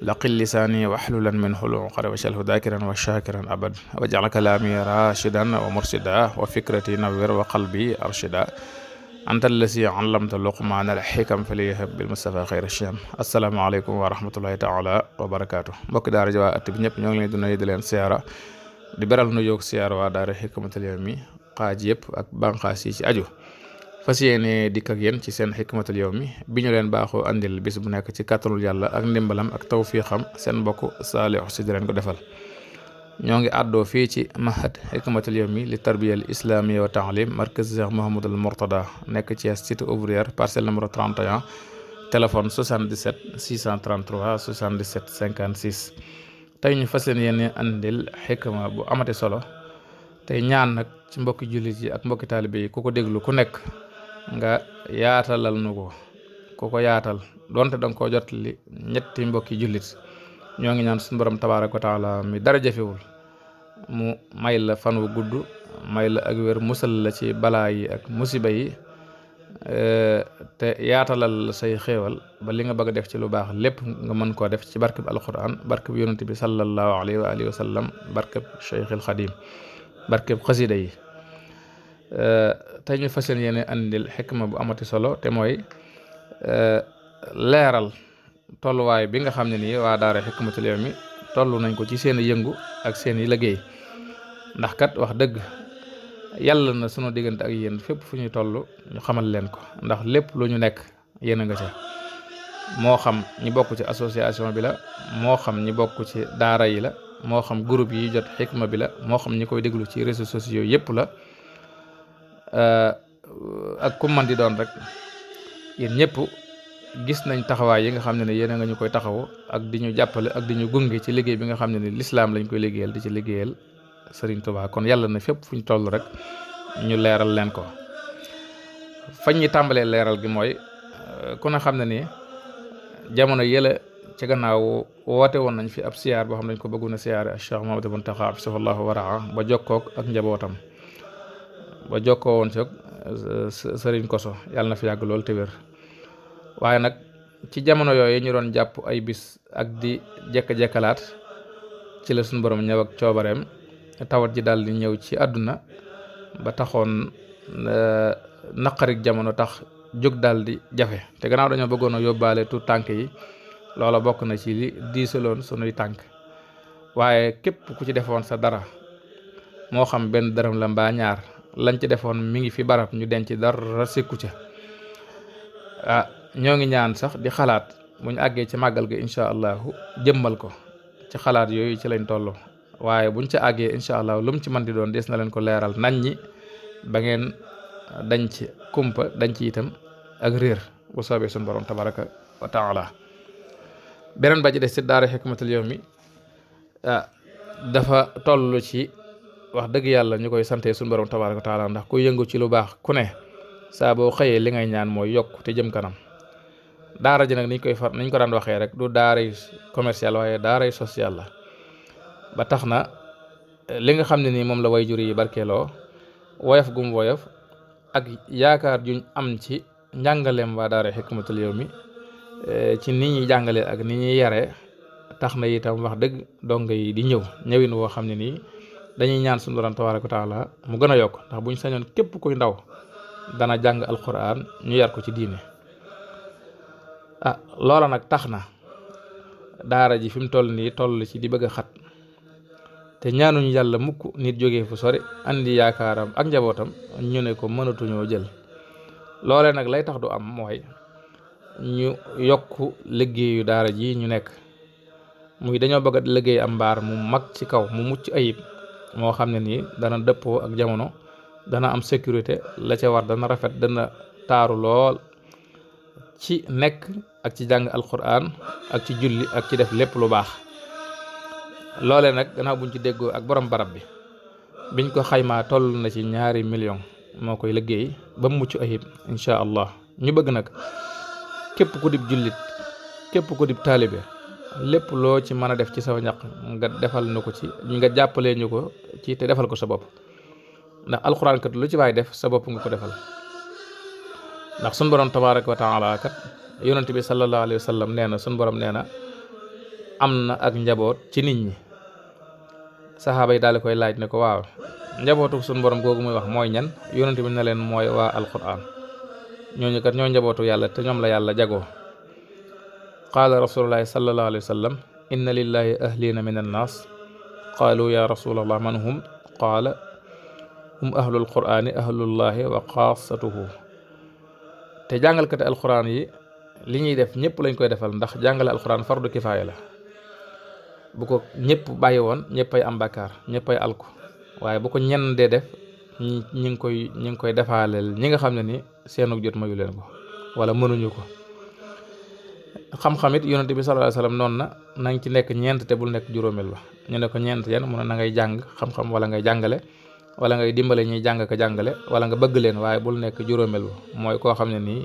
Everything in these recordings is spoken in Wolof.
laqil lisaani waxlulan min xulu qara wacalhu dakiran wa shakiran abad wa jaxla kalaami rashidan wa mursida wa fikrati nawir wa qalbi arshida anta allasi allamta luqmaana alxikam faliyahab bil mustafa xayra sham asalaamaaleykum wa rahmatullahi taala wa barakaatu mbokki daara ji waa at bi ñëpp ñoo ngi leen di nuyu di leen siyaara di beral nu yoog siyaara waa daara xikmatul yawmi xaaj yëpp ak bànqaas yi ci aju fas yéene dikk ak yéen ci seen xikmatul yawmi bi ñu leen baaxoo andil bis bu nekk ci kàttanul yàlla ak ndimbalam ak tawfiixam seen mbokk Saliou si leen ko defal ñoo ngi àddoo fii ci mahad xikmatul yawmi li tarbiyal islamiya wa taalim markaz Cheikh Mouhamadul Mourtada nekk ci cité ouvrière parcelle numéro 31 téléphone 77 633 77 56 tey ñu fas leen yéene andil xikma bu amati solo tey ñaan nag ci mbokki jullit yi ak mbokki taalibe yi ku ko déglu ku nekk nga yaatalal nu ko ku ko yaatal donte danga koo jot li ñetti mbokki jullit ñoo ngi ñaan suñu mborom tabaaraka wa taala mi dara jafewul mu may la fan wu gudd may la ak wér musal la ci balaa yi ak musiba yi eh, te yaatalal say xéewal ba li nga bëgg def ci lu baax lépp nga mën koo def ci barkeb alquran barkeb yonent bi sallallahu alayhi wa alihi wa sallam barkeb cheikhil xadim barkeb xasida yi eh, tey ñu fas yéene andil xikma bu amati solo te mooy eh, leeral tolluwaay bi nga xam ne nii waa daara Hikmatul Yawmi tollu nañ ko ci seen yëngu ak seen i liggéey ndax kat wax dëgg yàlla na sunu diggante ak yéen fépp fu ñuy toll ñu xamal leen ko ndax lépp lu ñu nekk yéen a nga ca moo xam ñi bokk ci association bi la moo xam ñi bokk ci daara yi la moo xam groupe yi jot xikma bi la moo xam ñi koy déglu ci réseaux sociaux yépp la. Euh, ak ku man di doon rek yéen ñëpp gis nañ taxawaay yi nga xam ne ne yéen nga ñu koy taxaw ak di ñu jàppale ak di ñu gunge ci liggéey bi nga xam ne ne lislaam lañ koy liggéeyal di ci liggéeyal Sëriñ tubaa kon yàlla na fépp fu ñu toll rek ñu leeral leen ko fañ ñu tàmbalee leeral gi mooy euh, ku ne xam ne ni jamono yële ci gannaaw woote woon nañ fi ab siyaar boo xam ne dañ ko bëggoon a siyaare Cheikh Mamadou Mountakha ab sifallahu waraa ba jokkook ak njabootam ba jokkoo woon soog sëriñ koso yàlla na fi yàgg lool te waaye nag ci jamono yooyu ñu doon jàpp ay bis ak di jekk-jekkalaat ci la suñu borom ñëw ak coobareem tawat ji dal di ñëw ci àdduna ba taxoon e, naqarik jamono tax jóg dal di jafe te gannaaw dañoo bëggoon a yóbbaale tu tànk yi loola bokk na ci li diisaloon sunuy tànk waaye képp ku ci defoon sa dara moo xam benn dërëm la mbaa ñaar lañ ci defoon mi ngi fi barab ñu denc dara sikku ca ah, ñoo ngi ñaan sax di xalaat bu ñu àggee ci màggal gi incha allahu jëmmal ko ci xalaat yooyu ci lañ toll waaye buñ ci àggee incha allahu lu ci man di doon des na leen ko leeral nañ ñi ba ngeen dañ ci kumpa dañ ci itam ak réer bu soobee suñu borom tabaraka wa taala beneen ba ci des ci daara xikmatul yawmi ah, dafa toll ci wax dëgg yàlla ñu koy sante suñu borom tabaaraka wa ndax ku yëngu ci lu baax ku ne saa boo xëyee li ngay ñaan mooy yokk te jëm kanam daara ji nag niñ koy far niñ ko daan waxee rek du daaray commercial waaye daaray social la ba tax na li nga xam ne nii moom la way jur yi barkeeloo woyof gum woyof ak yaakaar juñ am ci njàngaleem waa daara Hikmatul mi e, ci ni ñuy jàngalee ak ni ñuy yare tax na itam wax dëgg dongo yi di ñëw ñëwin dañuy ñaan suñu borom tabaaraka mu gën a yokk ndax ñu sañoon képp kuy ndaw dana jàng alquran ñu yar ko ci diine ah loola nag tax na daara ji fi mu toll nii toll ci di bëgg a xat te ñaanuñu yàlla mukk nit jóge fu sori indi yaakaaram ak njabootam ñu ne ko mënatuñoo jël loole nag lay tax du am mooy ñu yokk liggéeyu daara ji ñu nekk muy dañoo bëgg a liggéey am mbaar mu mag ci kaw mu mucc ayib moo xam ne nii dana dëppoo ak jamono dana am sécurité la ca war dana rafet dana taaru lool ci nekk ak ci jàng alquran ak ci julli ak ci def lépp lu baax loole nag gannaaw buñ ci déggoo ak borom barab bi biñ ko xaymaa toll na ci ñaari million moo koy liggéey ba mu mucc ayib incha allah ñu bëgg nag képp ku dib jullit képp ku dib taalibe lépp loo ci mën a def ci saw ñaq nga defal nu ko ci nga jàppalee ñu ko ci te defal ko sa bopp ndax alxuraan lu ci waay def sa bopp nga ko defal ndax sun borom tabaaraka wa taala kat yonent bi sallallahu alayhi wa sallam nee na sun borom nee na am na ak njaboot ci nit ñi saxaaba yi daal di koy laaj ne ko waaw njabootu sun borom googu muy wax mooy ñan yonent bi na leen mooy waa alxuraan ñooñu kat ñoo njabootu yàlla te ñoom la yàlla jagoo. qaala rasulullahi sallallahu alayhi wa sallam inna lillahi ahlina min annaas qaalu ya rasulallah man hum qaala hum ahlul qur'aani ahlullahi wa xaasatuhu te jàngalkati alquran yi li ñuy def ñëpp lañ koy defal ndax jàngale alquran fardu kifaaya la bu ko ñëpp bàyyi woon ñëppay am bakkaar ñëppay alku waaye bu ko ñenn dee def ñi ñi ngi koy ñi ngi koy defaaleel ñi nga xam ne ni seenu jot mayu leen ko wala mënuñu ko xam-xamit yonente bi sallallahu alayhi wasallam noon na na nga ci nekk ñeent te bul nekk juróomeel ba ñu ne ko ñeent yan mu ne na ngay jàng xam-xam wala ngay jàngale wala ngay dimbale ñuy jàng ka jàngale wala nga bëgg leen waaye bul nekk juróomeel ba mooy koo xam ne nii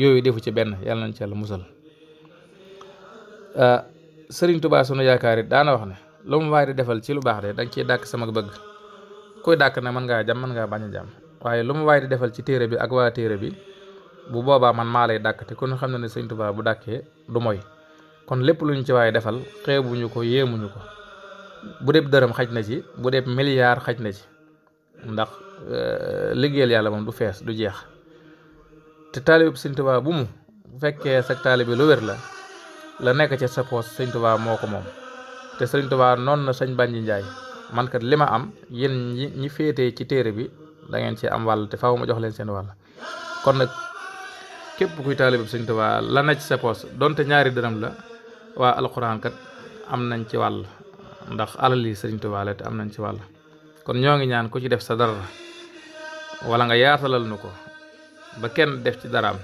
yooyu defu ci benn yàlla nañ ci yàlla musal euh, sëriñ Tuubaa sunu yaakaar it daana wax ne lu mu waay di defal ci lu baax de danga ciy dàkk sama bëgg kuy dàkk na mën ngaa jàmm mën ngaa bañ a bi bu boobaa man maa lay dàkk te kon xam na ne sëñ Tuubaa bu dàkkee du moy kon lépp lu ñu ci waaye defal ñu ko yéemuñu ko bu dee dërëm xaj na ci bu dee milliard xaj na ci ndax euh, liggéeyal yàlla moom du fees du jeex te taalib sëñ bu mu bu fekkee sa taalib bi lu wér la la nekk ci sa poos sëñ moo ko moom te sëñ Tuubaa noonu na sëñ Bànji Njaay man kat li ma am yéen ñi ñi féetee ci téere bi da ngeen ci am wàll te faaw ma jox leen seen wàll kon képp kuy taalib sëñ Tuubaa la ne ci sa poos donte ñaari dërëm la waa alxuraankat am nañ ci wàll ndax alal yi sëñ Tuubaa te am nañ ci wàll kon ñoo ngi ñaan ku ci def sa dara wala nga yaatalal nu ko ba kenn def ci daraam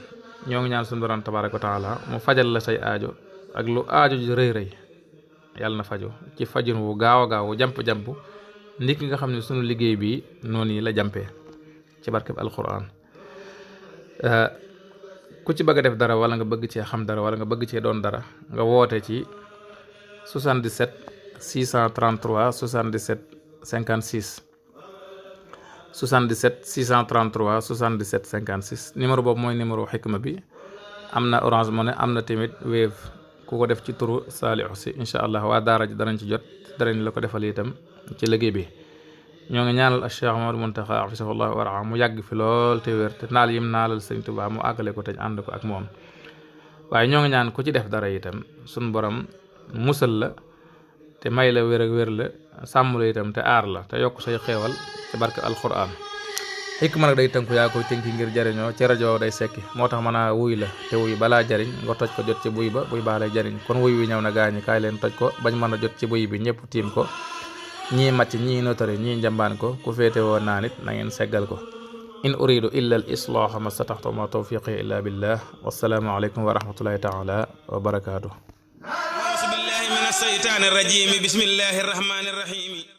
ñoo ngi ñaan suñu borom tabaaraka wa taala mu fajal la say aajo ak lu aajo ji rëy rëy yàlla na fajo ci fajun wu gaaw a gaaw wu jamp-jamp ndik nga xam ne sunu liggéey bi noonu yi la jampee ci barkeb alxuraan ku ci bëgg a def dara wala nga bëgg cee xam dara wala nga bëgg cee doon dara nga woote ci 77 633 77 56 77 633 77 56 boobu mooy numéro xikma bi am na Orange ne am na tamit Wave ku ko def ci turu Saliou si incha allah waa daara ji danañ ci jot danañ la ko defal itam ci liggéey bi. ñoo ngi ñaanal Cheikh Mamadou Mountakha afisafullah wara mu yàgg fi lool te wér te naal yim naalal Sëriñ Tuubaa mu àggale ko te ànd ko ak moom waaye ñoo ngi ñaan ku ci def dara itam suñ borom musal la te may la wér wér la sàmm la itam te aar la te yokk say xeewal ci barke alquran xikma nag day tënku yaa koy tënki ngir jariñoo ci rajo day sekki moo tax mën a wuy la te wuy balaa jariñ nga toj ko jot ci buy ba buy baa jariñ kon wuy wi ñëw na gaañi kaay leen toj ko bañ mën a jot ci buy bi ñëpp tiim ko ñii màcc ñii notari ñii njambaan ko ku féete woon naa nit na ngeen seggal ko in uridu illa al ma stataxtu ma tawfiqi illa billah wassalaamu aleykum wa rahmatullahi taala wa barakaatuh ausu billahi min alseytaani arrajim